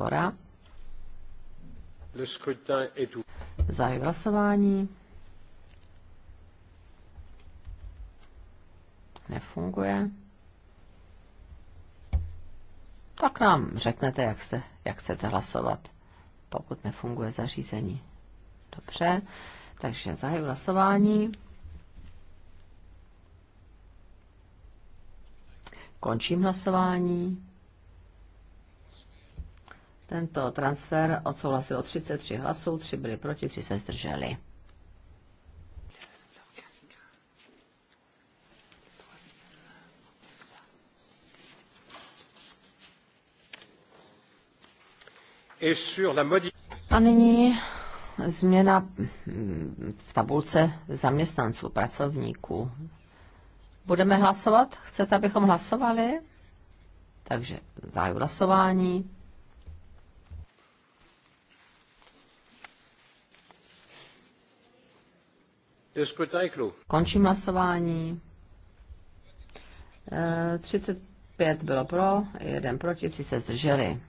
dvora. Zahajuji hlasování. Nefunguje. Tak nám řeknete, jak, jste, jak chcete hlasovat, pokud nefunguje zařízení. Dobře, takže zahajuji hlasování. Končím hlasování. Tento transfer odsouhlasilo 33 hlasů, 3 byli proti, 3 se zdrželi. A nyní změna v tabulce zaměstnanců, pracovníků. Budeme hlasovat? Chcete, abychom hlasovali? Takže zájem hlasování. Končím hlasování. 35 eh, bylo pro, jeden proti, tři se zdrželi.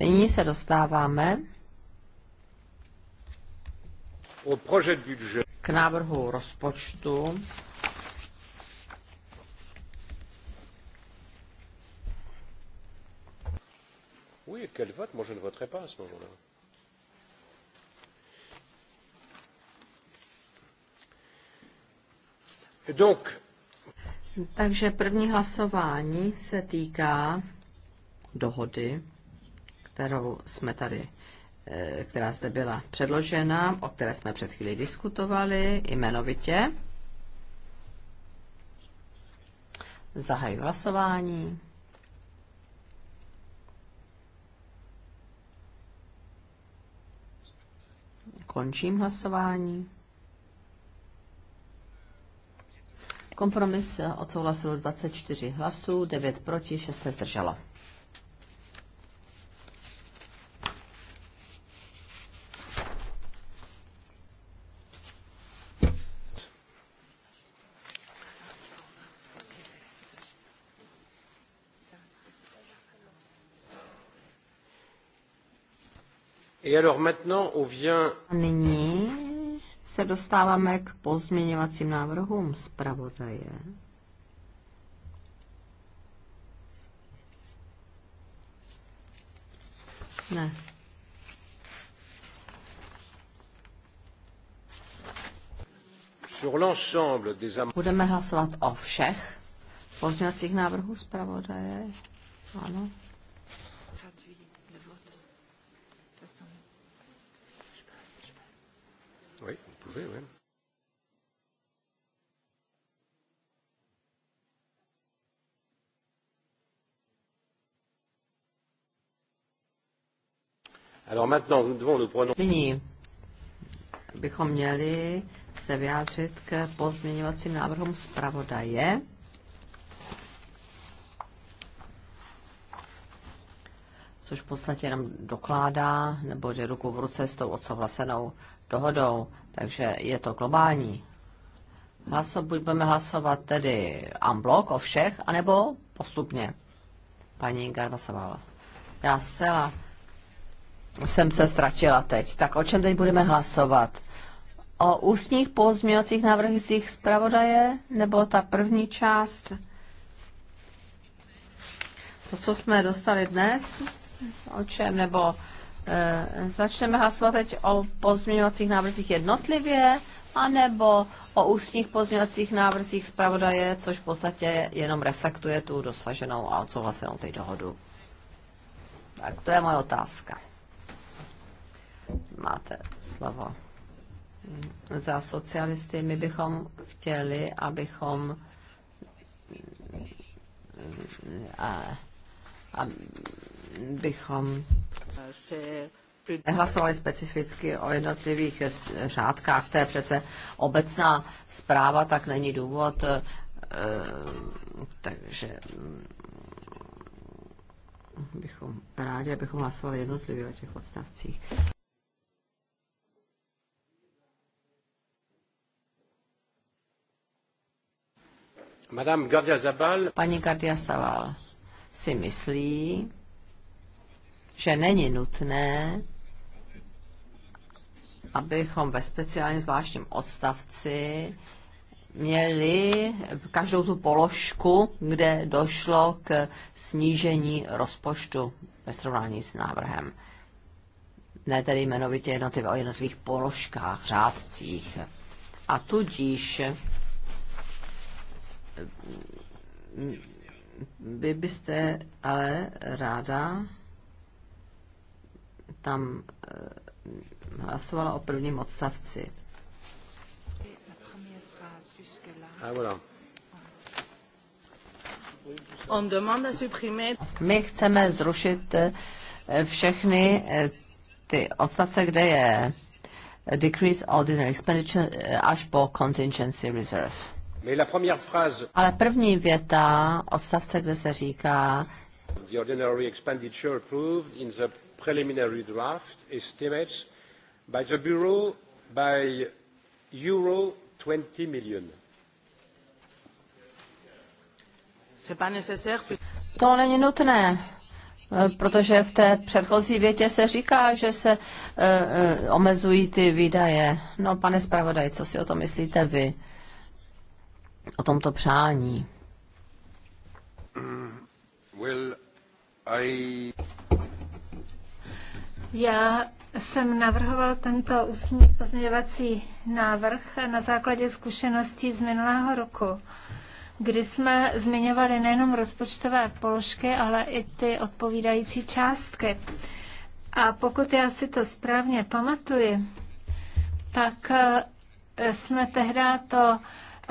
Nyní se dostáváme k návrhu rozpočtu. Oui, quel vote Moi, je ne voterai pas à ce moment-là. Donc... Takže první hlasování se týká dohody, kterou jsme tady, eh, která zde byla předložena, o které jsme před chvílí diskutovali jmenovitě. Zahají hlasování. Končím hlasování. Kompromis eh, odsouhlasilo 24 hlasů, 9 proti, 6 se zdrželo. Et alors maintenant, on vient... Nyní se dostáváme k pozměňovacím návrhům zpravodaje. Ne. Budeme hlasovat o všech pozměňovacích návrhů zpravodaje. Ano. pouvez, oui. Alors maintenant, nous devons nous prononcer. Nyní bychom měli se vyjádřit k pozměňovacím návrhům zpravodaje. což v podstatě nám dokládá nebo jde ruku v ruce s tou odsouhlasenou dohodou, takže je to globální. Hlaso, buď budeme hlasovat tedy unblock o všech, anebo postupně. Paní Garbasovala. Já zcela jsem se ztratila teď. Tak o čem teď budeme hlasovat? O ústních pozměňovacích návrhcích zpravodaje, nebo ta první část? To, co jsme dostali dnes, o čem, nebo e, začneme hlasovat teď o pozměňovacích návrzích jednotlivě, anebo o ústních pozměňovacích návrzích zpravodaje, což v podstatě jenom reflektuje tu dosaženou a odsouhlasenou teď dohodu. Tak to je moje otázka. Máte slovo. Za socialisty my bychom chtěli, abychom a abychom nehlasovali specificky o jednotlivých řádkách. To je přece obecná zpráva, tak není důvod. Eh, takže mm, bychom rádi, abychom hlasovali jednotlivě o těch odstavcích. Madame Gardia Zabal. Paní Gardia Zabal si myslí, že není nutné, abychom ve speciálním zvláštním odstavci měli každou tu položku, kde došlo k snížení rozpočtu ve srovnání s návrhem. Ne tedy jmenovitě jednotlivě o jednotlivých položkách, řádcích. A tudíž vy byste ale ráda tam eh, hlasovala o prvním odstavci. My chceme zrušit eh, všechny eh, ty odstavce, kde je decrease ordinary expenditure až po contingency reserve. Ale první věta odstavce, kde se říká, The ordinary expenditure approved in the preliminary draft by the Bureau by euro 20 million. To není nutné, protože v té předchozí větě se říká, že se uh, omezují ty výdaje. No, pane zpravodaj, co si o tom myslíte vy? o tomto přání? Well, I... Já jsem navrhoval tento ústní pozměňovací návrh na základě zkušeností z minulého roku, kdy jsme zmiňovali nejenom rozpočtové položky, ale i ty odpovídající částky. A pokud já si to správně pamatuji, tak eh, jsme tehdy to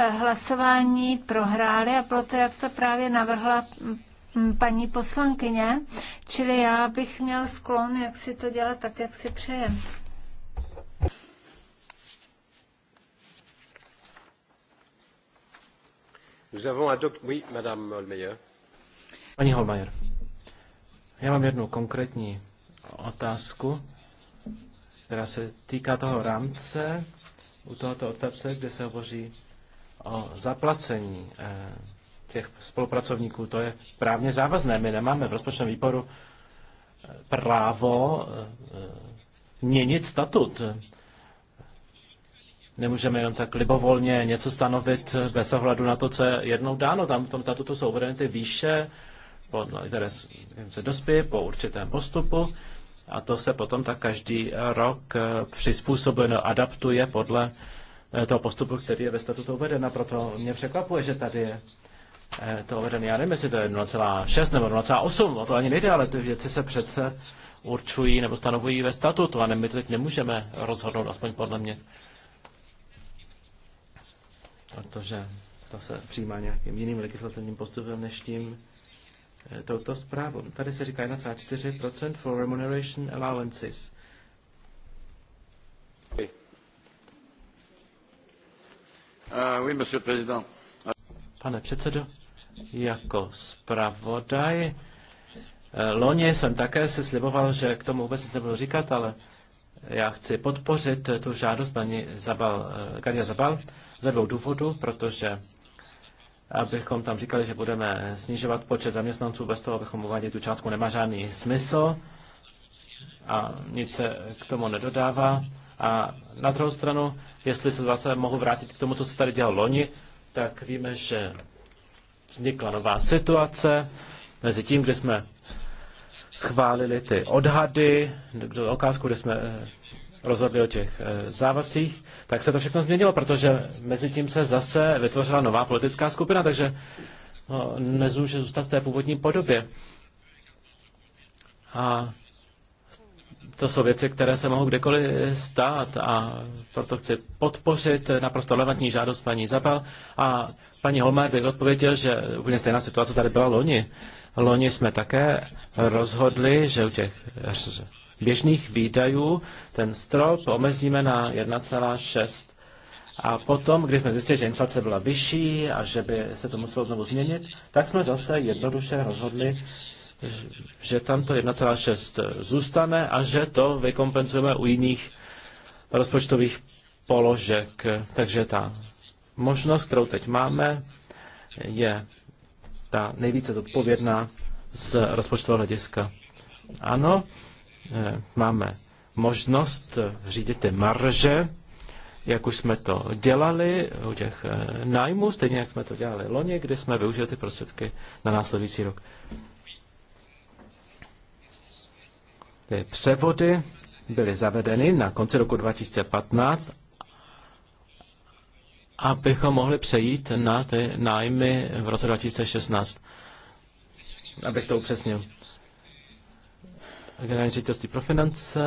hlasování prohráli a proto, jak to právě navrhla mm, mm, paní poslankyně, čili já bych měl sklon, jak si to dělat tak, jak si přeje. Nous avons Oui, Madame Holmeyer. Paní Holmeyer, já mám jednu konkrétní otázku, která se týká toho rámce u tohoto otázce, kde se hovoří o zaplacení eh, těch spolupracovníků. To je právně závazné. My nemáme v rozpočtovém výboru eh, právo eh, měnit statut. Nemůžeme jenom tak libovolně něco stanovit bez ohledu na to, co je jednou dáno. Tam v tom statutu jsou uvedeny ty výše, které se dospějí po určitém postupu a to se potom tak každý rok přizpůsobuje, no, adaptuje podle Eh, toho postupu, který je ve statutu uveden. A proto mě překvapuje, že tady je eh, to uvedené. Já nevím, jestli to je 0,6 nebo 0,8, o to ani nejde, ale ty věci se přece určují nebo stanovují ve statutu a ne, my teď nemůžeme rozhodnout, aspoň podle mě. Protože to se přijímá nějakým jiným legislativním postupem než tím eh, touto zprávou. Tady se říká 1,4% for remuneration allowances. Eh, Pane předsedo, jako zpravodaj, eh, loni jsem také si sliboval, že k tomu vůbec nic nebudu říkat, ale já chci podpořit tu žádost paní Zabal, Garia eh, Zabal ze dvou důvodů, protože abychom tam říkali, že budeme snižovat počet zaměstnanců bez toho, abychom uváděli tu částku, nemá žádný smysl a nic se k tomu nedodává. A na druhou stranu, jestli se zase mohu vrátit k tomu, co se tady dělalo loni, tak víme, že vznikla nová situace mezi tím, kde jsme schválili ty odhady, do okázku, kde jsme eh, rozhodli o těch eh, závazcích, tak se to všechno změnilo, protože mezi tím se zase vytvořila nová politická skupina, takže no, nezůže zůstat v té původní podobě. A to jsou věci, které se mohou kdekoliv stát a proto chci podpořit naprosto relevantní žádost paní Zabel a paní Holmer bych odpověděl, že úplně stejná situace tady byla loni. Loni jsme také rozhodli, že u těch běžných výdajů ten strop omezíme na 1,6. A potom, když jsme zjistili, že inflace byla vyšší a že by se to muselo znovu změnit, tak jsme zase jednoduše rozhodli, že tam to 1,6 zůstane a že to vykompenzujeme u jiných rozpočtových položek. Takže ta možnost, kterou teď máme, je ta nejvíce zodpovědná z rozpočtového hlediska. Ano, eh, máme možnost řídit ty marže, jak už jsme to dělali u těch eh, nájmů, stejně jak jsme to dělali loni, kdy jsme využili ty prostředky na následující rok. Ty převody byly zavedeny na konci roku 2015, abychom mohli přejít na ty nájmy v roce 2016. Abych to upřesnil. Generální ředitelství pro finance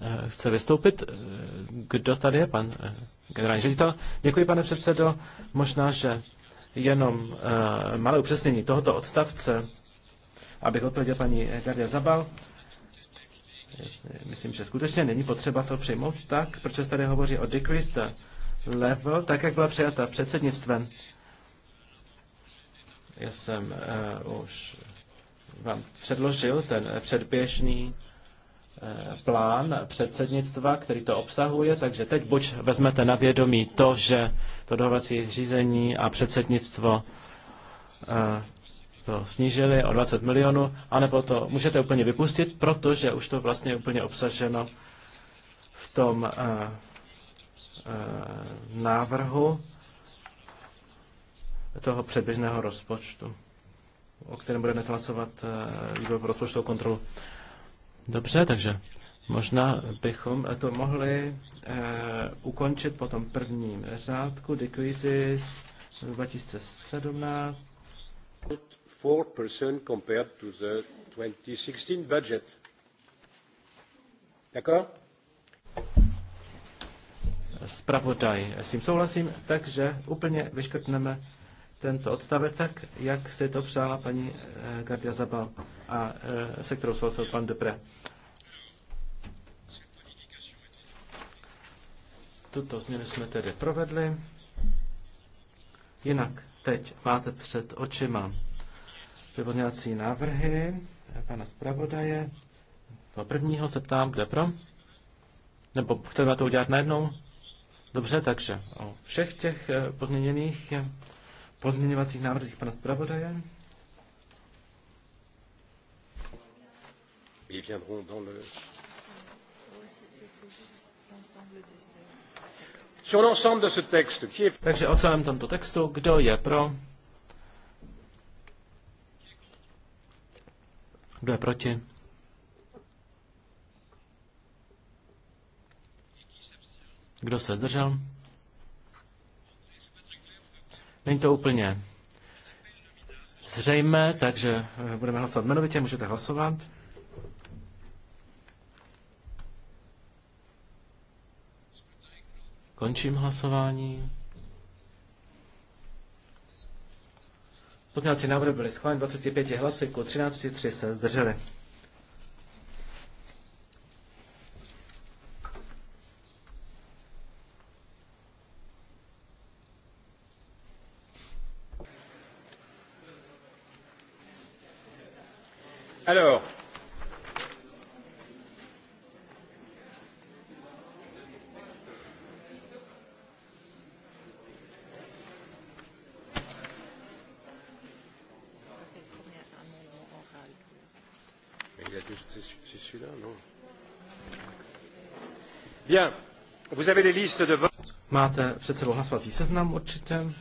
eh, chce vystoupit. Eh, kdo tady je? Pan eh, generální ředitel. Děkuji, pane předsedo. Možná, že jenom malé upřesnění tohoto odstavce, abych odpověděl paní Gardia Zabal myslím, že skutečně není potřeba to přijmout tak, protože tady hovoří o decreased level, tak jak byla přijata předsednictvem. Já jsem uh, už vám předložil ten předběžný eh, plán předsednictva, který to obsahuje, takže teď buď vezmete na vědomí to, že to dohovací řízení a předsednictvo eh, to snížili o 20 milionů, anebo to můžete úplně vypustit, protože už to vlastně je úplně obsaženo v tom uh, uh, návrhu toho předběžného rozpočtu, o kterém bude dnes hlasovat uh, výbor pro rozpočtovou kontrolu. Dobře, takže možná bychom to mohli uh, ukončit po tom prvním řádku. Děkuji si 2017. 4% compared to the 2016 budget. D'accord? Zpravodaj, s tím souhlasím, takže úplně vyškrtneme tento odstavec tak, jak si to přála paní eh, Gardia Zabal a eh, se kterou souhlasil pan Deprez. Tuto změnu jsme tedy provedli. Jinak teď máte před očima ty pozměňovací návrhy pana zpravodaje. Po prvního se ptám, kde pro? Nebo chceme to udělat najednou? Dobře, takže o všech těch eh, pozměněných eh, pozměňovacích návrzích pana zpravodaje. Sur l'ensemble de ce texte, qui est... Takže o celém tomto textu, kdo je pro? Kdo je proti? Kdo se zdržel? Není to úplně zřejmé, takže eh, budeme hlasovat jmenovitě, můžete hlasovat. Končím hlasování. Pozměňovací návrh byly schváleny 25 hlasy, ku 13 3 se zdrželi. Alors, Máte před sebou hlasovací seznam určitě.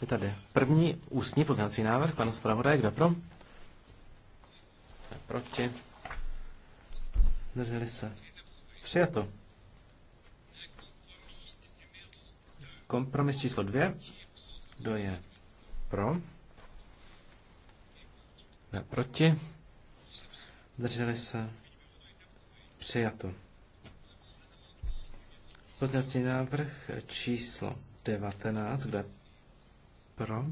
Je tady první ústní poznávací návrh. Pan zpravodaj, kdo pro? Proti. Drželi se. Přijato. Kompromis číslo dvě. Kdo je pro? Ne, proti. Drželi se. Přijato. Pozměňovací návrh číslo 19, kde pro?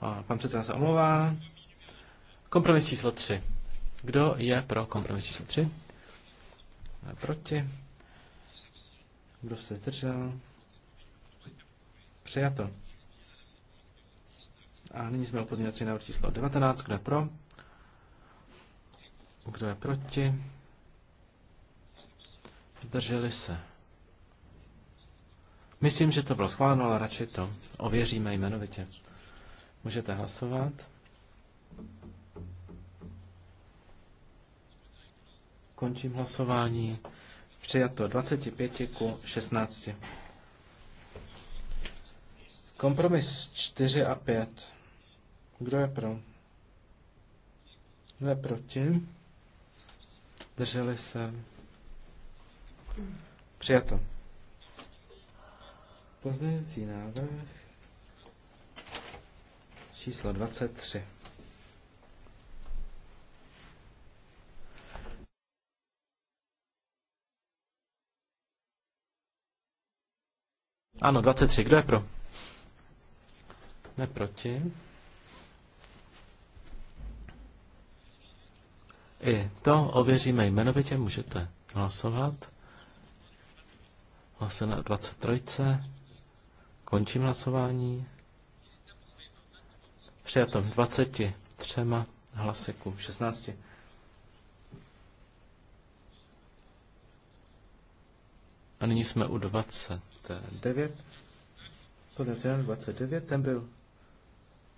A pan předseda se omlouvá. Kompromis číslo 3. Kdo je pro kompromis číslo 3? proti? Kdo se zdržel? Přijato. A nyní jsme u pozměňovací návrh číslo 19. Kdo je pro? Kdo je proti? drželi se. Myslím, že to bylo schváleno, ale radši to ověříme jmenovitě. Můžete hlasovat. Končím hlasování. Přijato 25 ku 16. Kompromis 4 a 5. Kdo je pro? Kdo je proti? Drželi se. Přijato. Pozměňující návrh číslo 23. Ano, 23. Kdo je pro? Neproti. I to ověříme jmenovitě, můžete hlasovat. Hlasujeme na 23. Končím hlasování. Přijato 23 hlasy ku 16. A nyní jsme u 29. Potenciál 29, ten byl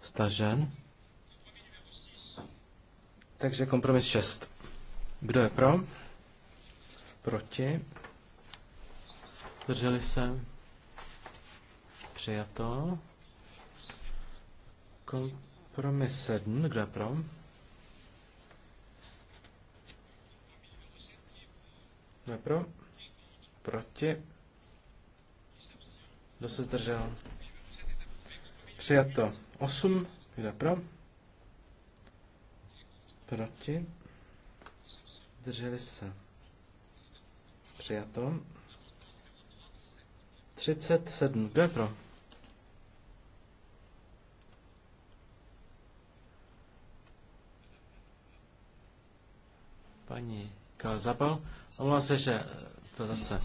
stažen. Takže kompromis 6. Kdo je pro? Proti? drželi se? Přijato. Kompromis 7, kde pro? Kde pro? Proti. Kdo se zdržel? Přijato 8, kde pro? Proti. Zdrželi se. Přijato. 37. Kdo je pro? Paní Kalzabal. Omlouvám se, že eh, to zase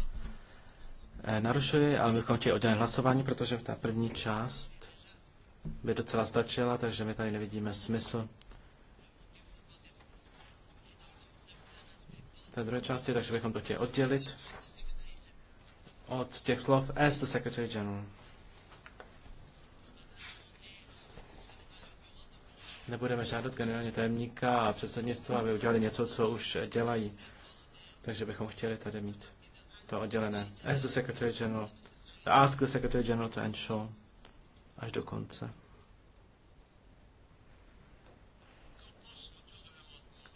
eh, narušuje, ale bychom chtěli oddělené hlasování, protože ta první část by docela stačila, takže my tady nevidíme smysl. Té druhé části, takže bychom to chtěli oddělit od těch slov as the Secretary General. Nebudeme žádat generálně tajemníka a předsednictva, aby udělali něco, co už dělají. Takže bychom chtěli tady mít to oddělené. As the Secretary General. Ask the Secretary General to ensure. Až do konce.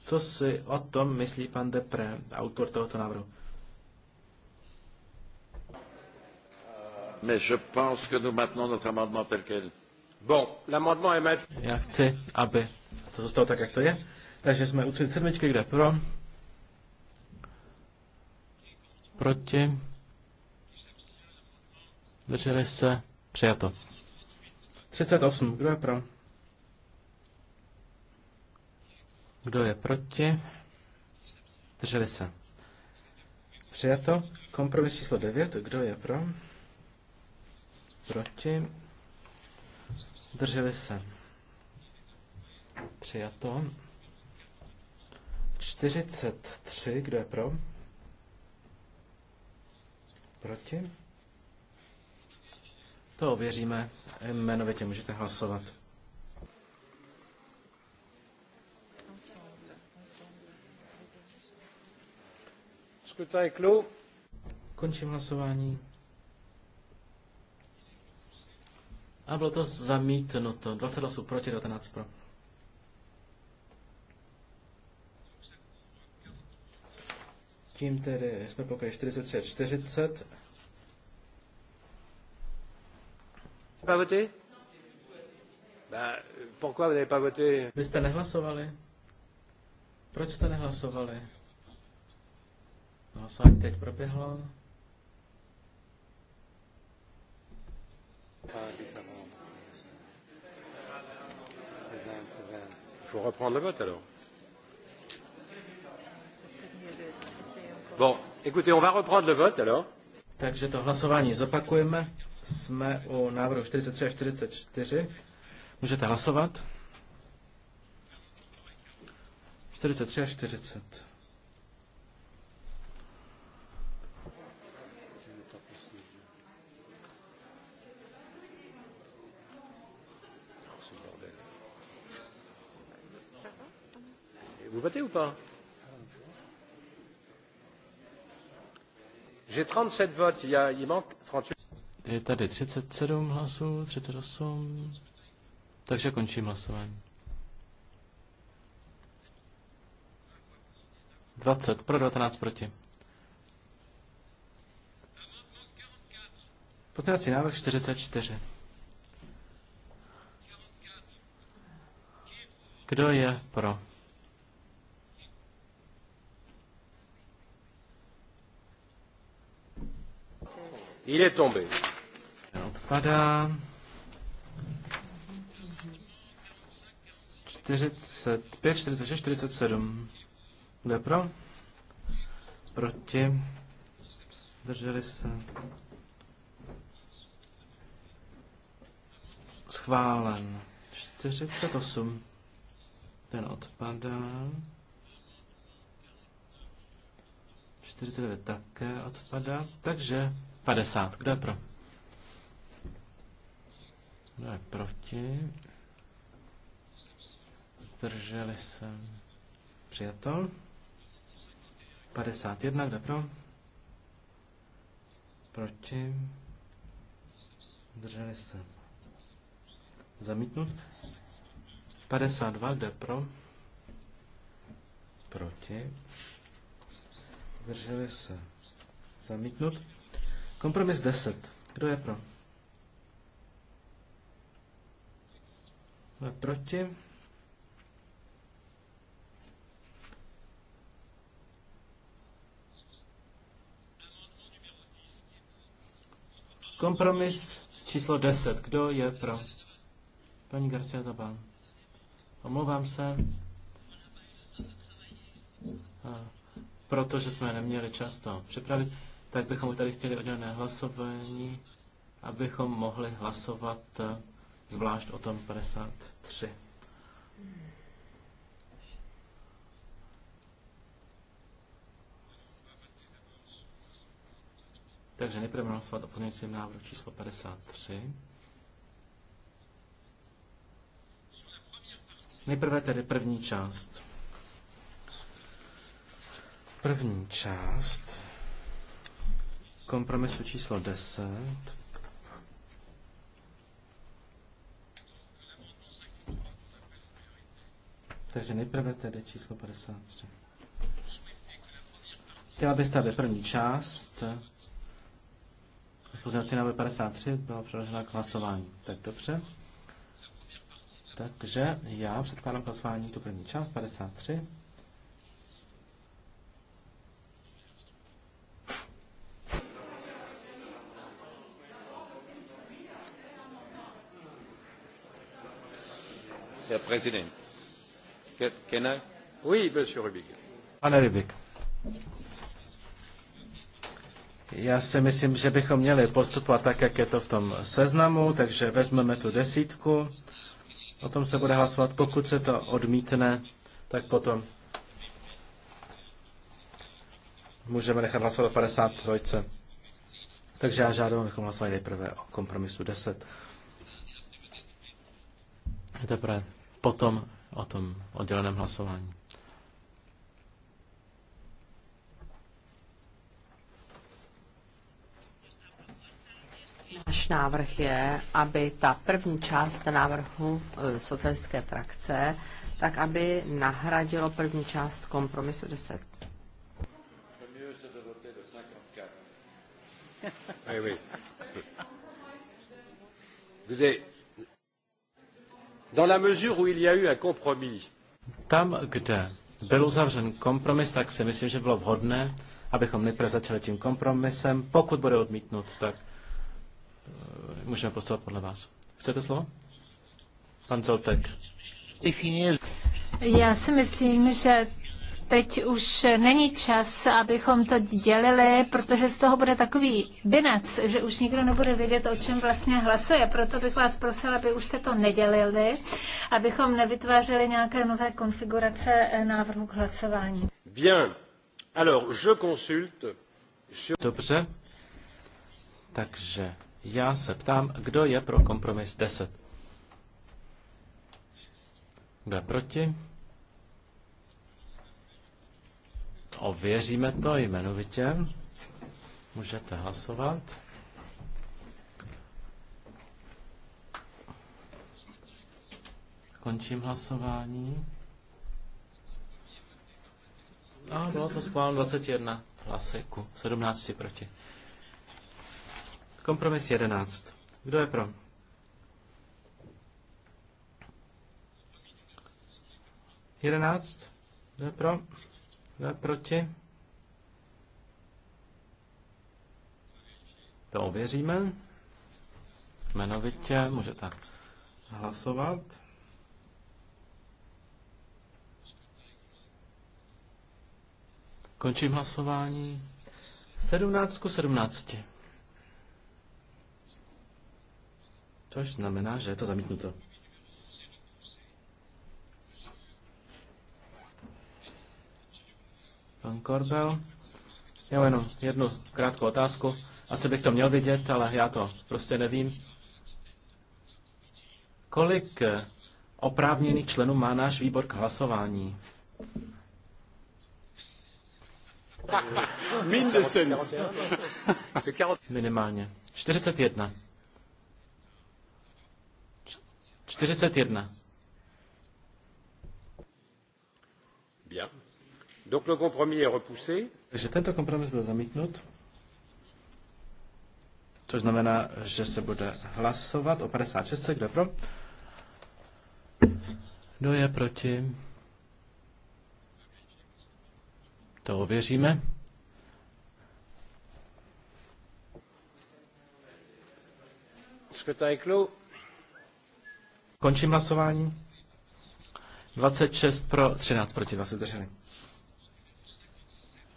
Co si o tom myslí pan Depre, autor tohoto návrhu? Já chci, aby to zůstalo tak, jak to je. Takže jsme u 37, kde pro? Proti? Drželi se? Přijato. 38, kdo je pro? Kdo je proti? Drželi se. Přijato. Kompromis číslo 9, kdo je pro? Proti? Drželi se. Přijato. 43, kdo je pro? Proti? To ověříme. Jmenovitě můžete hlasovat. Končím hlasování. A bylo to zamítnuto. 28 proti 19 pro. Tím tedy jsme pokryli 43 40. Pas voté? Bah, pourquoi vous n'avez pas voté? Vy jste nehlasovali? Proč jste nehlasovali? Hlasování teď proběhlo. faut reprendre le vote alors. Bon, écoutez, on va reprendre le vote alors. Takže to hlasování zopakujeme. Jsme u návrhu 43 a 44. Můžete hlasovat. 43 a 40. pas J'ai 37 votes, il, y a, il manque 38. Je tady 37 hlasů, 38. Takže končím hlasování. 20 pro, 19 proti. Pozměňovací návrh 44. Kdo je pro? Il est tombé. Odpadá. 45, 46, 47. Kdo pro? Proti? Drželi se. Schválen. 48. Ten odpadá. 49 také odpadá. Takže 50. Kdo je pro? Kdo je proti? Zdrželi se. Přijato. 51. Kdo je pro? Proti? Zdrželi se. Zamítnut. 52. Kdo je pro? Proti? Zdrželi se. Zamítnut. Kompromis 10. Kdo je pro? Kdo je proti? Kompromis číslo 10. Kdo je pro? Paní Garcia Zabán. Omlouvám se, protože jsme neměli často připravit tak bychom tady chtěli oddělené hlasování, abychom mohli hlasovat eh, zvlášť o tom 53. Takže nejprve hlasovat o pozměňovacím návrhu číslo 53. Nejprve tedy první část. První část kompromisu číslo 10. Takže nejprve tedy číslo 53. Chtěla byste, aby první část pozornosti návrh 53 byla přeložena k hlasování. Tak dobře. Takže já předkládám k hlasování tu první část, 53. Pane rübig Já si myslím, že bychom měli postupovat tak, jak je to v tom seznamu, takže vezmeme tu desítku, o tom se bude hlasovat. Pokud se to odmítne, tak potom můžeme nechat hlasovat o 53. Takže já žádám, abychom hlasovali nejprve o kompromisu 10. Teprve potom o tom odděleném hlasování. Náš návrh je, aby ta první část návrhu eh, socialistické frakce, tak aby nahradilo první část kompromisu 10. Vy Dans la mesure où il y a eu un compromis. Tam, kde byl uzavřen kompromis, tak si myslím, že bylo vhodné, abychom nejprve začali tím kompromisem. Pokud bude odmítnut, tak eh, můžeme postupovat podle vás. Chcete slovo? Pan Zoltek. Já si myslím, že teď už není čas, abychom to dělili, protože z toho bude takový binec, že už nikdo nebude vědět, o čem vlastně hlasuje. Proto bych vás prosila, aby už jste to nedělili, abychom nevytvářeli nějaké nové konfigurace návrhu k hlasování. Bien. Alors, je consulte Je... Dobře. Takže já se ptám, kdo je pro kompromis 10? Kdo je proti? Ověříme to jmenovitě. Můžete hlasovat. Končím hlasování. A bylo to schváleno 21 hlasy ku 17 proti. Kompromis 11. Kdo je pro? Jedenáct. Kdo je pro? proti. To ověříme. Jmenovitě můžete hlasovat. Končím hlasování. 17 ku 17. Což znamená, že je to zamítnuto. Pan Korbel. Já jenom jednu krátkou otázku. Asi bych to měl vidět, ale já to prostě nevím. Kolik eh, oprávněných členů má náš výbor k hlasování? Minimálně. 41. 41. Donc le compromis est repoussé. Takže tento kompromis byl zamítnut. Což znamená, že se bude hlasovat o 56. Kdo je pro? Kdo je proti? To ověříme. Končím hlasování. 26 pro, 13 proti, 20 zdrželi.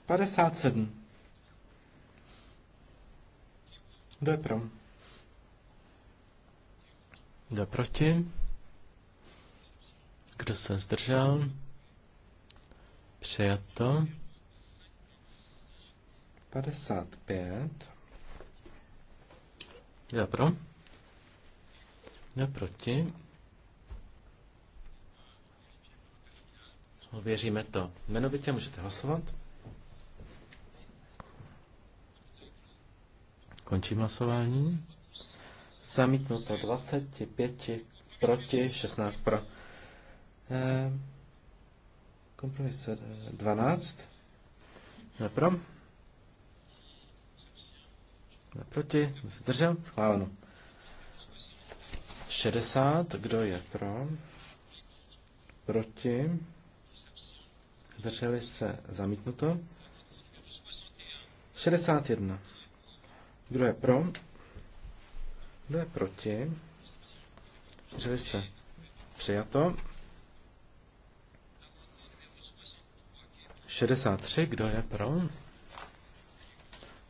57. Kdo je pro? Kdo je proti? Kdo se zdržel? Přijato. 55. Kdo je pro? Kdo je proti? Věříme to. Jmenovitě můžete hlasovat. Končím hlasování. Zamítnuto 25 proti, 16 pro. Eh, kompromis 12. Eh, ne pro. Ne proti. Zdržel. Schváleno. 60. Kdo je pro? Proti. Zdrželi se. Zamítnuto. 61. Kdo je pro? Kdo je proti? Zdrželi se. Přijato. 63. Kdo je pro?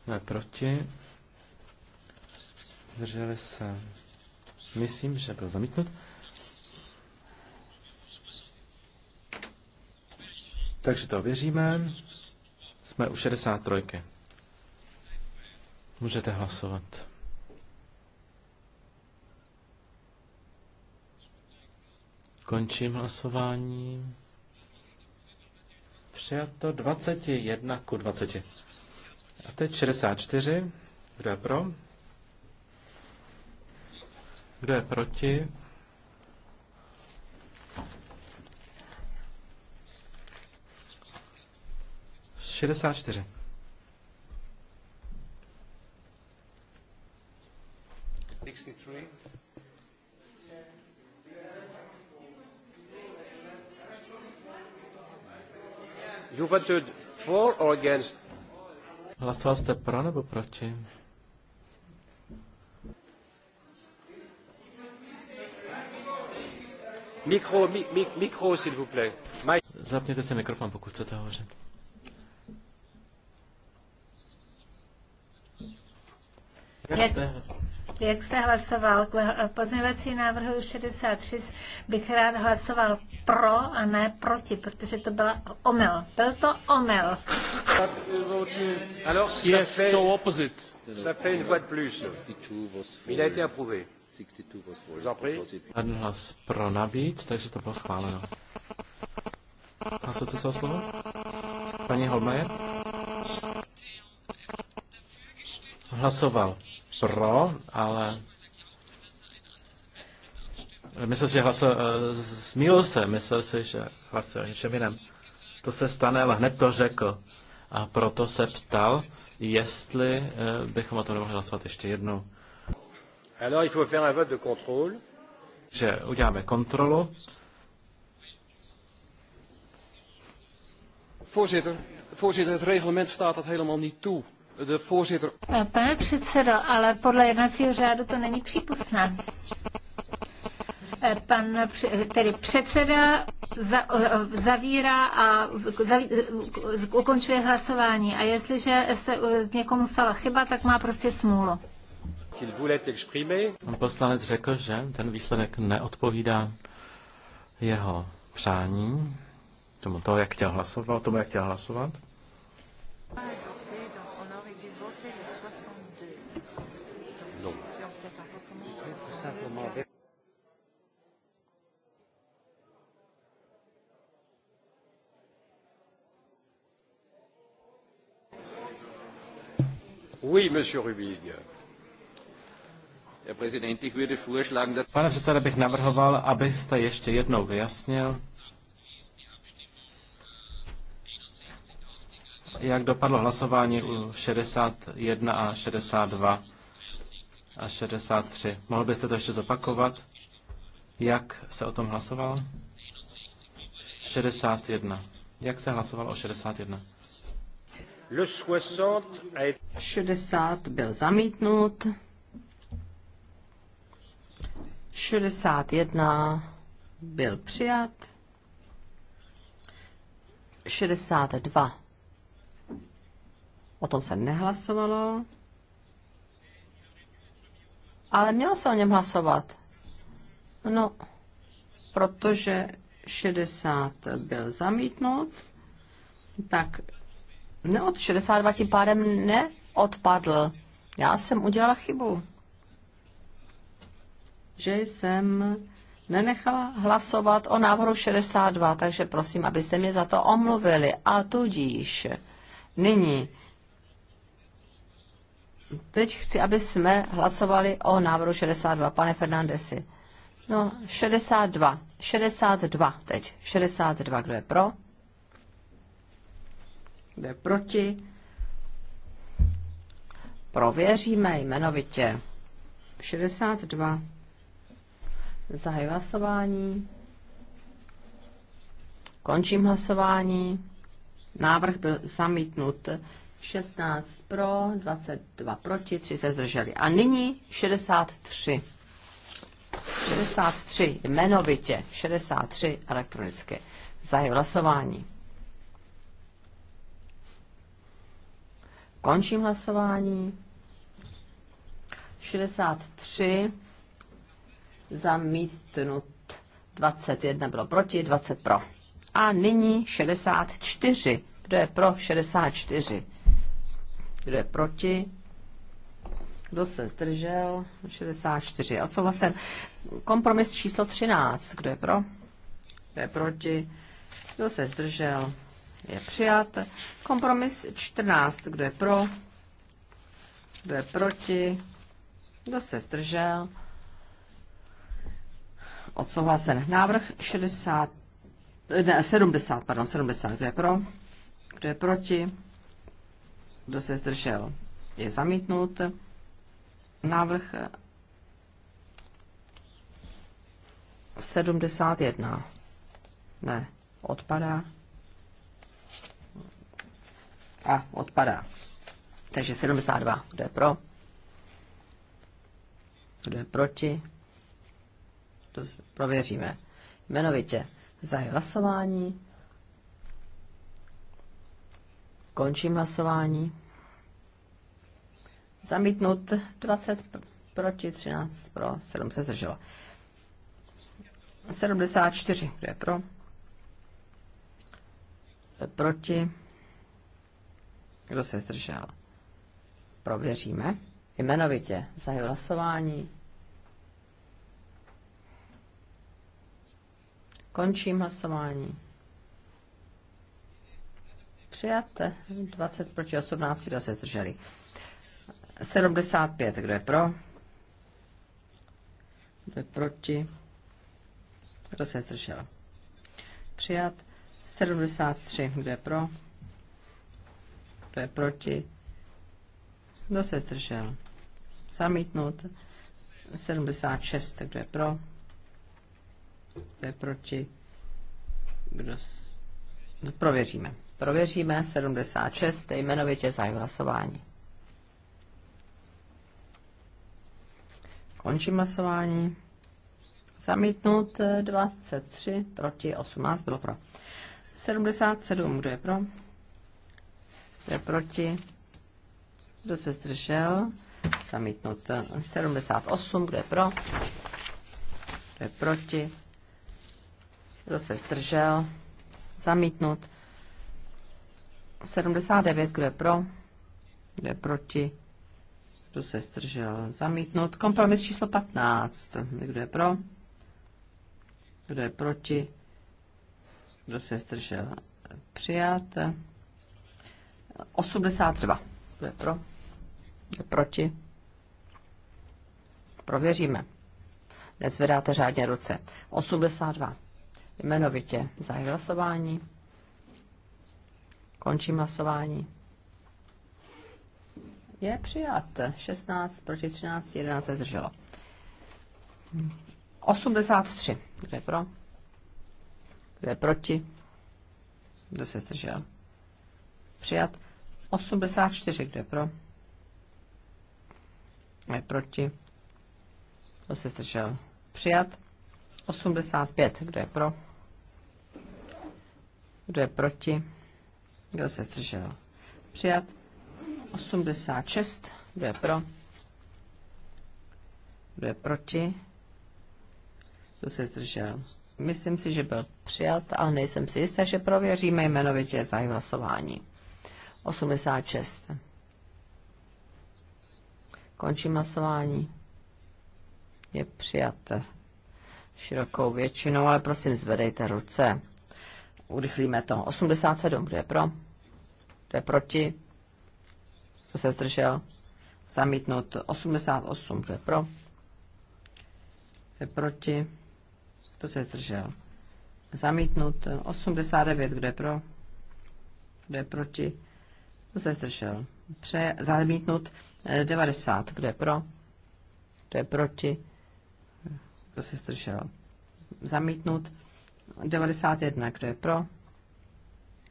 Kdo je proti? Zdrželi se. Myslím, že byl zamítnut. Takže to věříme. Jsme u 63. Můžete hlasovat. Končím hlasování. Přijato 21 ku 20. A teď 64. Kdo je pro? Kdo je proti? Šedesát čtyři. 63. You voted for or against? Hlasoval jste pro nebo proti? Mikro, mi, mi, mikro, s'il vous plaît. My... Zapněte si mikrofon, pokud chcete hovořit. Yes jak jste hlasoval k pozměňovací návrhu 63, bych rád hlasoval pro a ne proti, protože to byla omyl. Byl to omyl. yes, so opposite. Ça fait une voix de plus. Il a été approuvé. Jeden hlas pro navíc, takže to bylo schváleno. Hlasujete se o slovo? Paní Holmeje? Hlasoval pro, ale Myslel si, že hlasil, eh, smíl se, myslel si, že hlasil něčem jiném. To se stane, ale hned to řekl. A proto se ptal, jestli eh, bychom o tom nemohli hlasovat ještě jednou. Alors, il faut faire un vote de contrôle. Že uděláme kontrolu. Voorzitter, voorzitter, het reglement staat dat helemaal niet toe. Pane předsedo, ale podle jednacího řádu to není přípustné. Eh, pan tedy předseda za, zavírá a eh, ukončuje hlasování. A jestliže se eh, někomu stala chyba, tak má prostě smůlu. Pan poslanec řekl, že ten výsledek neodpovídá jeho přání, tomu toho, jak chtěl hlasovat, tomu, jak chtěl hlasovat. Pane předsedo, bych navrhoval, abyste ještě jednou vyjasnil, jak dopadlo hlasování u 61 a 62 a 63. Mohl byste to ještě zopakovat? Jak se o tom hlasovalo? 61. Jak se hlasovalo o 61? 60 byl zamítnut. 61 byl přijat. 62. O tom se nehlasovalo. Ale mělo se o něm hlasovat. No, protože 60 byl zamítnut, tak ne, od 62 tím pádem neodpadl. Já jsem udělala chybu, že jsem nenechala hlasovat o návrhu 62, takže prosím, abyste mě za to omluvili. A tudíž nyní teď chci, aby jsme hlasovali o návrhu 62, pane Fernandesi. No, 62, 62 teď, 62, kdo je pro? kdo je proti. Prověříme jmenovitě. 62. Zahajuji hlasování. Končím hlasování. Návrh byl zamítnut. 16 pro, 22 proti, 3 se zdrželi. A nyní 63. 63 jmenovitě, 63 elektronicky. Zahajuji hlasování. Končím hlasování. 63 zamítnut, 21 bylo proti, 20 pro. A nyní 64. Kdo je pro 64? Kdo je proti? Kdo se zdržel? 64. A co vlastně? Kompromis číslo 13. Kdo je pro? Kdo je proti? Kdo se zdržel? je přijat. Kompromis 14, kdo je pro, kdo je proti, kdo se zdržel. Odsouhlasen návrh 60, ne, 70, pardon, 70, kdo je pro, kdo je proti, kdo se zdržel, je zamítnut. Návrh 71. Ne, odpadá a odpadá. Takže 72. Kdo je pro? Kdo je proti? To prověříme. Jmenovitě zahajuji hlasování. Končím hlasování. Zamítnut 20 proti 13 pro, 7 se zdrželo. 74, kdo je pro? Proti. Kdo se zdržel? Prověříme. Jmenovitě za hlasování. Končím hlasování. Přijate. 20 proti 18, kdo se zdrželi. 75, kdo je pro? Kdo je proti? Kdo se zdržel? Přijat 73, kdo je pro? Kdo je proti? Kdo se zdržel? Zamítnut. 76. Kdo je pro? Kdo je proti? Kdo s... no, prověříme. Prověříme 76. Jmenovitě za hlasování. Končím hlasování. Zamítnut 23, proti 18 bylo pro. 77, kdo je pro? Kdo je proti? Kdo se zdržel? Zamítnut 78. Kdo je pro? Kdo je proti? Kdo se zdržel? Zamítnut 79. Kdo je pro? Kdo je proti? Kdo se zdržel? Zamítnut kompromis číslo 15. Kdo je pro? Kdo je proti? Kdo se zdržel? Přijat. 82. Kdo je pro? Kdo je proti? Prověříme. Nezvedáte řádně ruce. 82. Jmenovitě za hlasování. Končím hlasování. Je přijat. 16 proti 13, 11 se zdrželo. 83. Kdo je pro? Kdo je proti? Kdo se zdržel? Přijat. 84, kdo je pro? Ne, proti. To se zdržel? Přijat. 85, kdo je pro? Kdo je proti? Kdo se zdržel? Přijat. 86, kdo je pro? Kdo je proti? Kdo se zdržel? Myslím si, že byl přijat, ale nejsem si jistá, že prověříme jmenovitě za hlasování. 86. Končím hlasování. Je přijat širokou většinou, ale prosím, zvedejte ruce. Urychlíme to. 87, kdo je pro? Kdo je proti? Kdo se zdržel? Zamítnout 88, kdo je pro? Kdo je proti? Kdo se zdržel? Zamítnout 89, kdo je pro? Kdo je proti? Kdo se zdržel? Pře zamítnut 90. Eh, Kdo je pro? Kdo je proti? Kdo se zdržel? Zamítnut 91. Kdo je pro?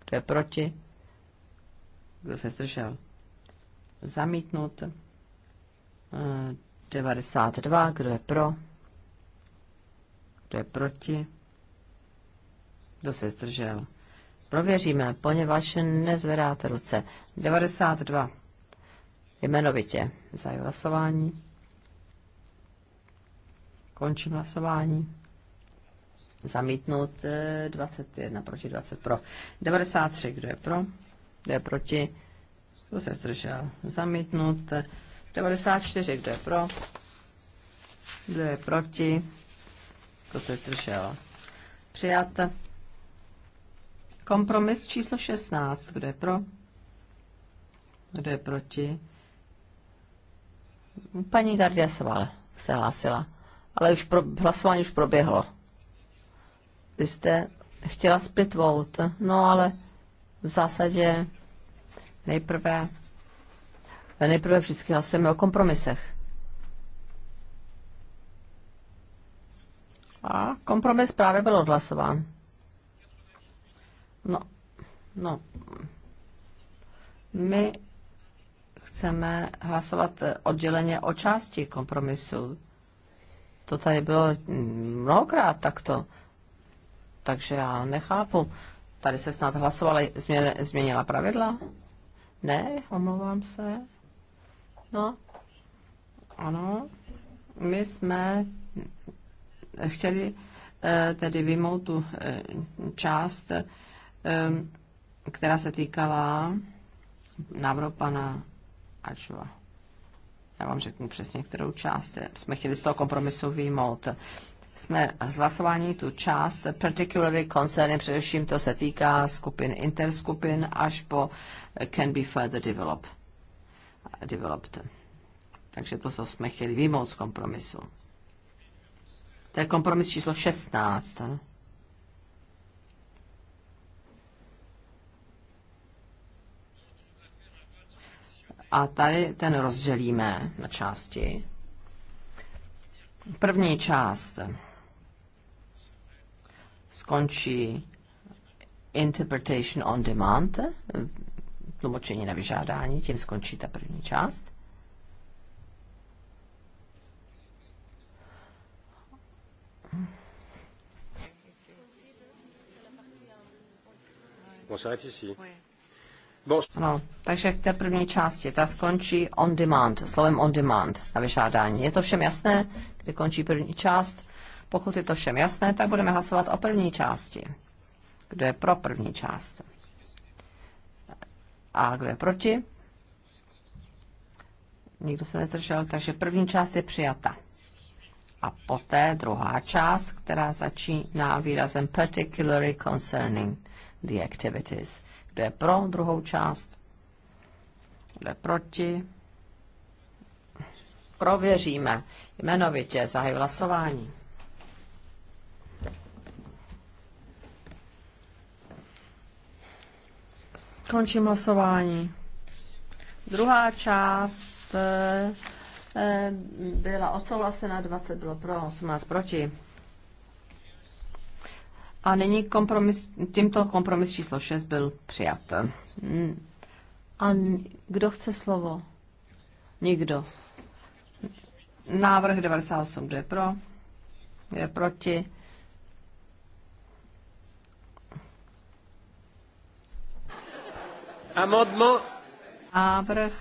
Kdo je proti? Kdo se zdržel? Zamítnut 92. Eh, Kdo je pro? Kdo je proti? Kdo se zdržel? Prověříme, poněvadž nezvedáte ruce. 92. Jmenovitě. Zahajuji hlasování. Končím hlasování. Zamítnout 21 eh, proti 20 pro. 93, kdo je pro? Kdo je proti? Kdo se zdržel? Zamítnout 94, kdo je pro? Kdo je proti? Kdo se zdržel? Přijat. Kompromis číslo 16. Kdo je pro? Kdo je proti? Paní Gardia se hlásila, ale už pro, hlasování už proběhlo. Vy jste chtěla split vote, no ale v zásadě nejprve, nejprve vždycky hlasujeme o kompromisech. A kompromis právě byl odhlasován. No, no, my chceme hlasovat odděleně o části kompromisu. To tady bylo mnohokrát takto. Takže já nechápu. Tady se snad hlasovala, změnila pravidla? Ne, omlouvám se. No, ano. My jsme chtěli eh, tedy vymout tu eh, část která se týkala návrhu pana Ačova. Já vám řeknu přesně, kterou část jsme chtěli z toho kompromisu výjmout. Jsme zhlasování tu část, particularly concerning, především to se týká skupin interskupin až po can be further develop, developed. Takže to, co jsme chtěli výjmout z kompromisu. To je kompromis číslo 16. a tady ten rozdělíme na části. První část skončí Interpretation on Demand, tlumočení na vyžádání, tím skončí ta první část. On s'arrête ici. Ouais. Ano, takže k té první části, ta skončí on demand, slovem on demand, na vyžádání. Je to všem jasné, kdy končí první část? Pokud je to všem jasné, tak budeme hlasovat o první části. Kdo je pro první část? A kdo je proti? Nikdo se nezdržel, takže první část je přijata. A poté druhá část, která začíná výrazem particularly concerning the activities. Kdo je pro druhou část? Kdo je proti? Prověříme. Jmenovitě zahaj hlasování. Končím hlasování. Druhá část eh, eh, byla odsouhlasena, 20 bylo pro, 18 proti. A nyní kompromis, tímto kompromis číslo 6 byl přijat. Hmm. A kdo chce slovo? Nikdo. Návrh 98, kdo je pro? Kdo je proti? A modmo? Návrh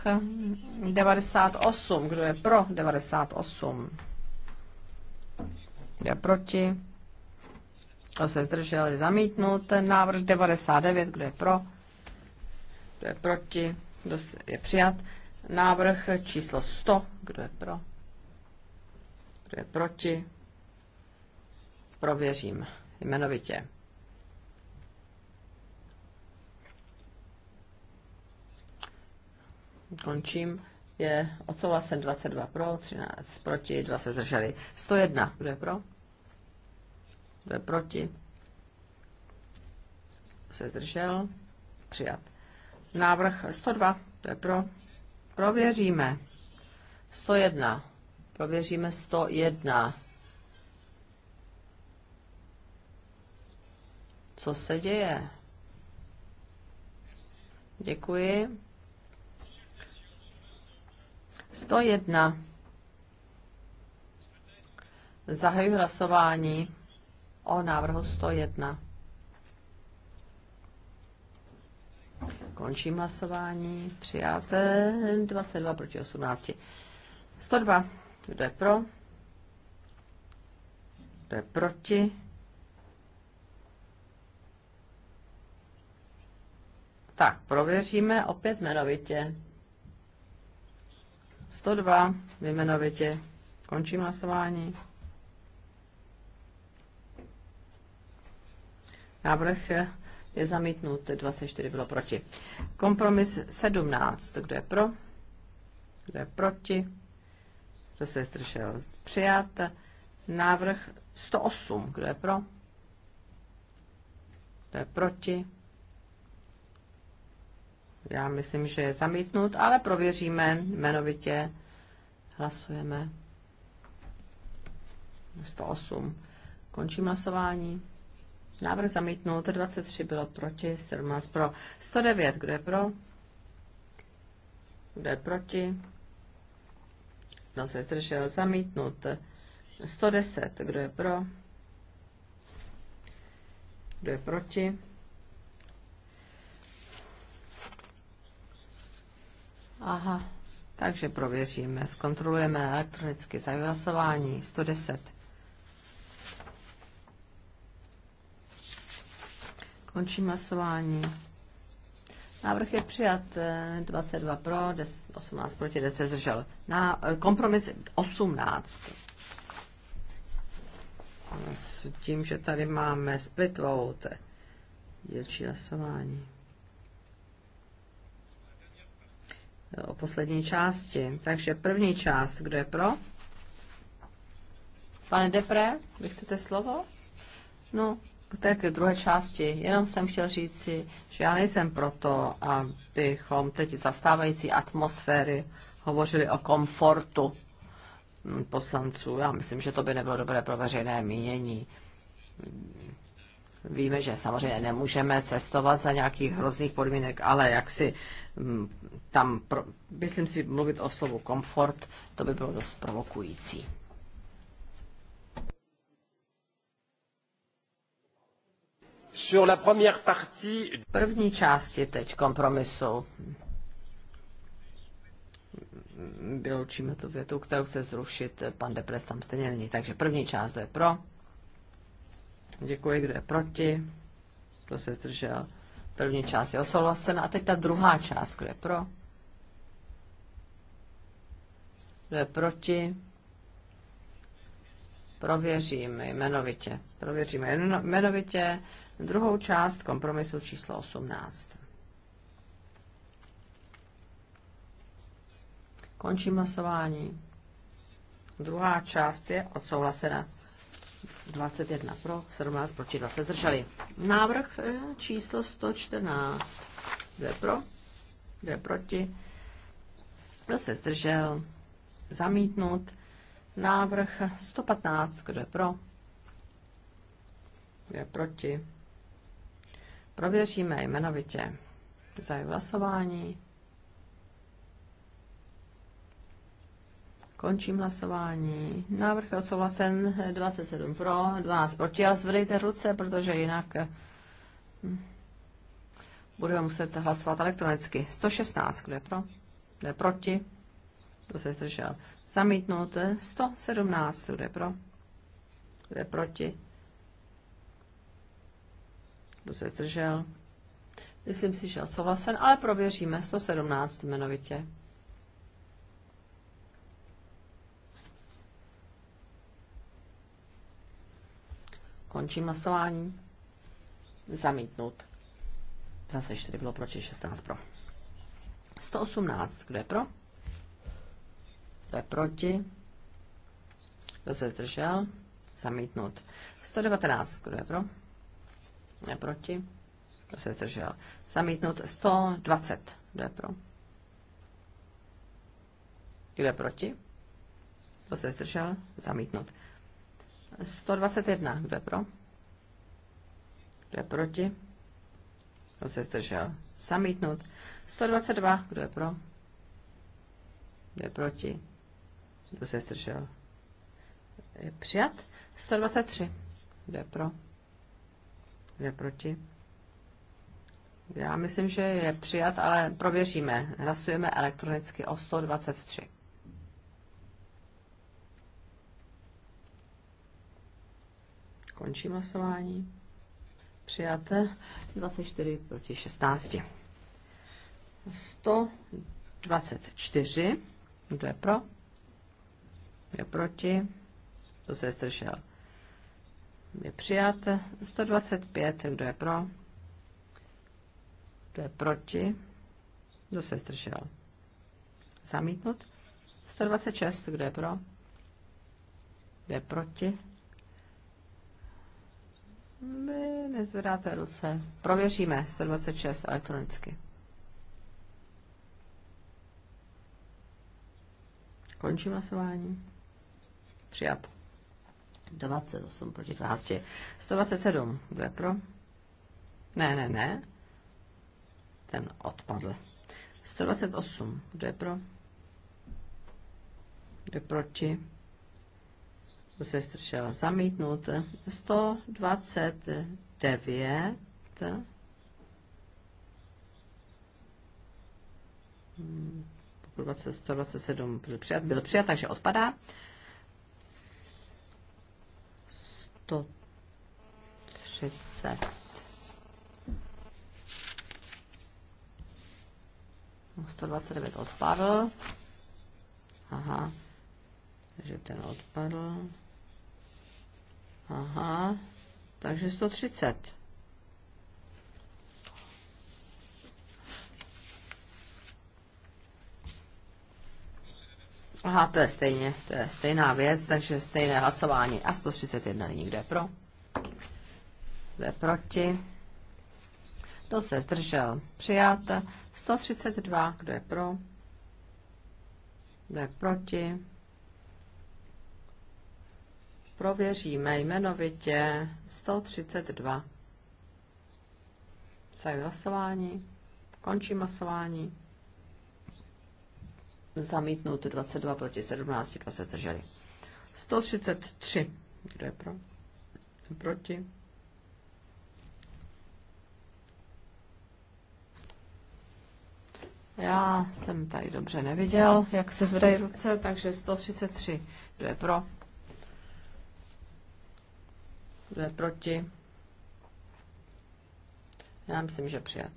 98, kdo je pro 98? Kdo je proti? Kdo se zdržel, zamítnut. Návrh 99, kdo je pro, kdo je proti, kdo je přijat. Návrh číslo 100, kdo je pro, kdo je proti. Prověřím jmenovitě. končím, je odsouhlasen 22 pro, 13 proti, 2 se zdrželi. 101, kdo je pro? Kdo je proti? Se zdržel? Přijat. Návrh 102. to je pro? Prověříme. 101. Prověříme 101. Co se děje? Děkuji. 101. Zahajuji hlasování o návrhu 101. Končím hlasování. Přijáte 22 proti 18. 102. Kdo je pro? Kdo je proti? Tak, prověříme opět jmenovitě. 102 Vymenovitě. Končím hlasování. Návrh je zamítnut, 24 bylo proti. Kompromis 17, kdo je pro? Kdo je proti? Kdo se zdržel? Přijat. Návrh 108, kdo je pro? Kdo je proti? Já myslím, že je zamítnut, ale prověříme jmenovitě. Hlasujeme. 108. Končím hlasování. Návrh zamítnout, 23 bylo proti, 17 pro. 109, kdo je pro? Kdo je proti? Kdo se zdržel? Zamítnut. 110, kdo je pro? Kdo je proti? Aha, takže prověříme, zkontrolujeme elektronicky zahlasování 110. Končím hlasování. Návrh je přijat 22 eh, pro, 18 proti, 10 se zdržel. Na eh, kompromis 18. S tím, že tady máme split vote, dělčí hlasování. Eh, o poslední části. Takže první část, kdo je pro? Pane Depre, vy chcete slovo? No, k té k druhé části. Jenom jsem chtěl říci, že já nejsem proto, abychom teď zastávající atmosféry hovořili o komfortu poslanců. Já myslím, že to by nebylo dobré pro veřejné mínění. Víme, že samozřejmě nemůžeme cestovat za nějakých hrozných podmínek, ale jak si mm, tam, myslím si, mluvit o slovu komfort, to by bylo dost provokující. Sur la première partie... První části teď kompromisu. Vyloučíme tu větu, kterou chce zrušit pan Depres, tam stejně není. Takže první část, je pro? Děkuji, kdo je proti? Kdo se zdržel? První část je odsouhlasena. A teď ta druhá část, kdo je pro? Kdo je proti? prověřím jmenovitě. Prověříme jmenovitě druhou část kompromisu číslo 18. Končím hlasování. Druhá část je odsouhlasena. 21 pro, 17 proti, 2 se zdrželi. Návrh eh, číslo 114. Kdo je pro? Kdo je proti? Kdo se zdržel? Zamítnut. Návrh 115, kdo je pro? Kdo je proti? Prověříme jmenovitě. za hlasování. Končím hlasování. Návrh je odsouhlasen 27 pro, 12 proti, ale zvedejte ruce, protože jinak hm, budeme muset hlasovat elektronicky. 116, kdo je pro, kdo je proti, kdo se zdržel. Zamítnout 117, jde pro, Jde proti, kdo se zdržel. Myslím si, že odsouhlasen, ale prověříme 117 jmenovitě. Končím hlasování. Zamítnut. 24 bylo proti, 16 pro. 118, kdo je pro? Kdo je proti? Kdo se zdržel? Zamítnut. 119. Kdo je pro? Kdo je proti? Kdo se zdržel? Zamítnut. 120. Kdo je pro? Kdo je proti? Kdo se zdržel? Zamítnut. 121. Kdo je pro? Kdo je proti? Kdo se zdržel? Zamítnut. 122. Kdo je pro? Kdo je proti? Kdo se zdržel? Je přijat. 123. Kdo je pro? Kdo je proti? Já myslím, že je přijat, ale prověříme. Hlasujeme elektronicky o 123. Končím hlasování. Přijaté 24 proti 16. 124. Kdo je pro? je proti, to se zdržel. Je přijat 125, kdo je pro, kdo je proti, kdo se zdržel. Zamítnut 126, kdo je pro, kdo je proti. Vy nezvedáte ruce. Prověříme 126 elektronicky. Končím hlasování. Přijat. 28 proti 12. 127. Kdo je pro? Ne, ne, ne. Ten odpadl. 128. Kdo je pro? Kdo je proti? Kdo se Zamítnut. 129. Pokud 127 byl přijat, byl přijat, takže odpadá. 130. No, 129 odpadl. Aha. Takže ten odpadl. Aha. Takže 130. Aha, to je stejně, to je stejná věc, takže stejné hlasování. A 131 není kde pro. Kde proti. Kdo se zdržel? Přijat. 132, kdo je pro? Kdo je proti? Prověříme jmenovitě 132. Zahajuji hlasování. Končím hlasování zamítnut 22 proti 17, dva se zdrželi. 133. Kdo je pro? Proti? Já jsem tady dobře neviděl, jak se zvedají ruce, takže 133. Kdo je pro? Kdo je proti? Já myslím, že přijat.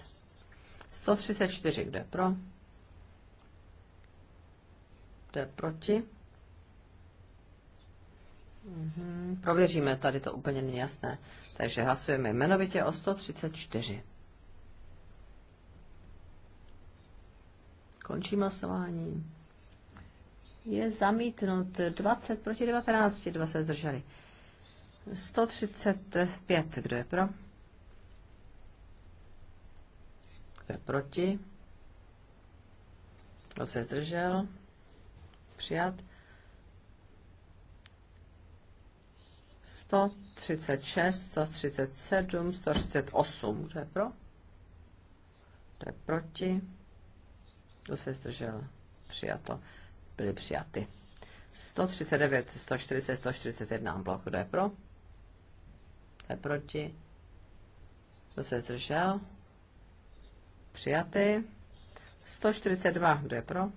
134. Kdo je pro? to je proti? Mhm. Prověříme, tady to úplně není jasné. Takže hlasujeme jmenovitě o 134. Končím hlasování. Je zamítnut 20 proti 19, dva se zdrželi. 135, kdo je pro? Kdo je proti? Kdo se zdržel? Přijat. 136, 137, 138. Kdo je pro? Kdo je proti? Kdo se zdržel? Přijato. Byly přijaty. 139, 140, 141 blok. Kdo je pro? Kdo je proti? Kdo se zdržel? Přijaty. 142. Kdo je pro?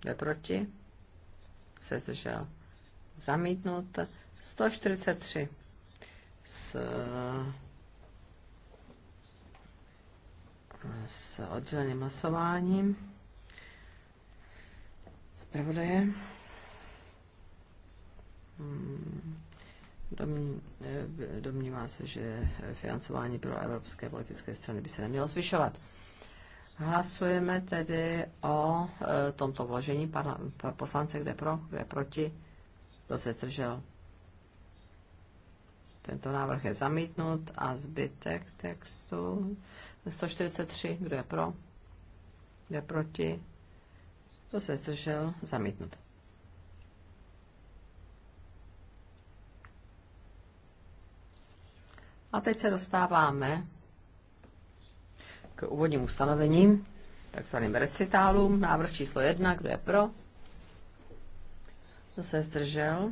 Kdo je proti? Se zdržel. Zamítnut. 143. S, s odděleným hlasováním. Zpravodaje. Hmm. Eh, domnívá se, že financování pro evropské politické strany by se nemělo zvyšovat. Hlasujeme tedy o e, tomto vložení pana poslance, kde pro, kde proti, kdo se držel. Tento návrh je zamítnut a zbytek textu 143, kdo je pro, kdo je proti, kdo se zdržel, zamítnut. A teď se dostáváme k úvodním ustanovením, takzvaným recitálům. Návrh číslo jedna, kdo je pro? Kdo se zdržel?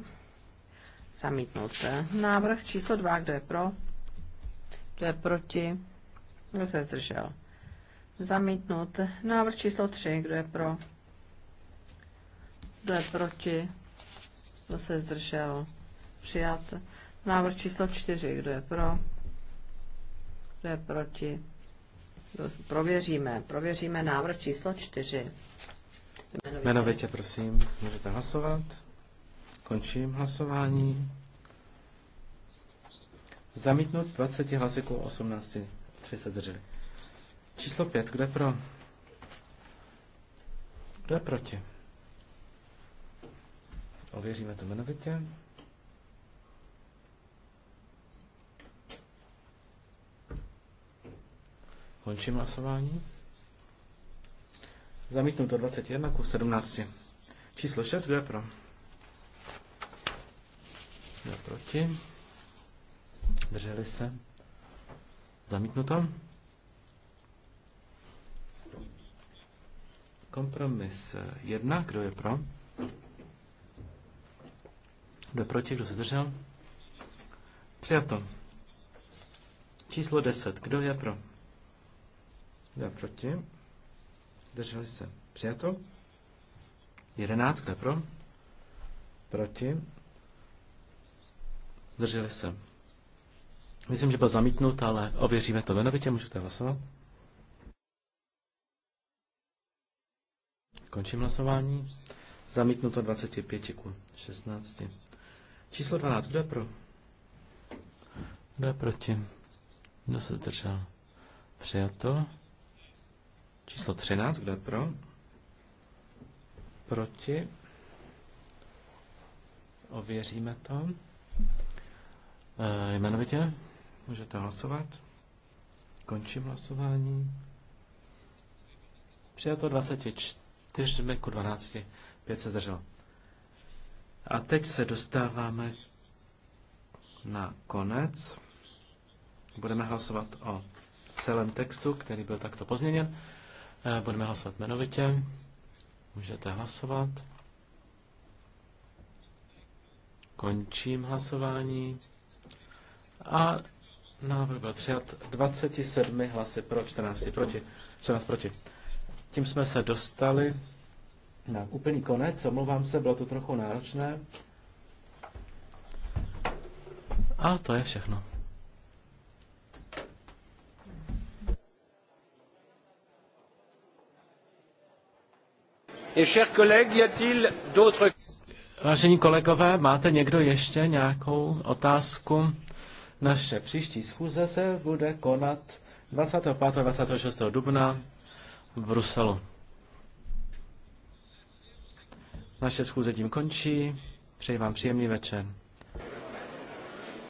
Zamítnul se. Návrh číslo dva, kdo je pro? Kdo je proti? Kdo se zdržel? Zamítnout. Návrh číslo tři, kdo je pro? Kdo je proti? Kdo se zdržel? Přijat. Návrh číslo čtyři, kdo je pro? Kdo je proti? Prověříme, prověříme návrh číslo čtyři. Jmenovitě. Jmenovitě, prosím, můžete hlasovat. Končím hlasování. Zamítnut 20 hlasy 18, 3 se drželi. Číslo 5, kdo je pro? Kdo je proti? Ověříme to jmenovitě. Končím hlasování. to 21 ku 17. Číslo 6, kdo je pro? Kdo je proti? Drželi se. Zamítnuto. Kompromis 1, kdo je pro? Kdo je proti, kdo se držel? Přijato. Číslo 10, kdo je pro? Kdo je proti? Zdrželi se. Přijato. Jedenáct, Kdo je pro? Proti. Drželi se. Myslím, že byl zamítnut, ale ověříme to venovitě. Můžete hlasovat. Končím hlasování. Zamítnuto 25 ku 16. Číslo 12. Kdo je pro? Kdo je proti? Kdo se držel? Přijato. Číslo 13, kdo je pro? Proti? Ověříme to. E, jmenovitě můžete hlasovat. Končím hlasování. Přijato 24 ku 12, 5 se zdrželo. A teď se dostáváme na konec. Budeme hlasovat o celém textu, který byl takto pozměněn. Eh, budeme hlasovat jmenovitě. Můžete hlasovat. Končím hlasování. A návrh byl přijat 27 hlasy pro, 14 proti. 14 proti. Tím jsme se dostali na úplný konec. Omlouvám se, bylo to trochu náročné. A to je všechno. Vážení kolegové, máte někdo ještě nějakou otázku? Naše příští schůze se bude konat 25. a 26. dubna v Bruselu. Naše schůze tím končí. Přeji vám příjemný večer.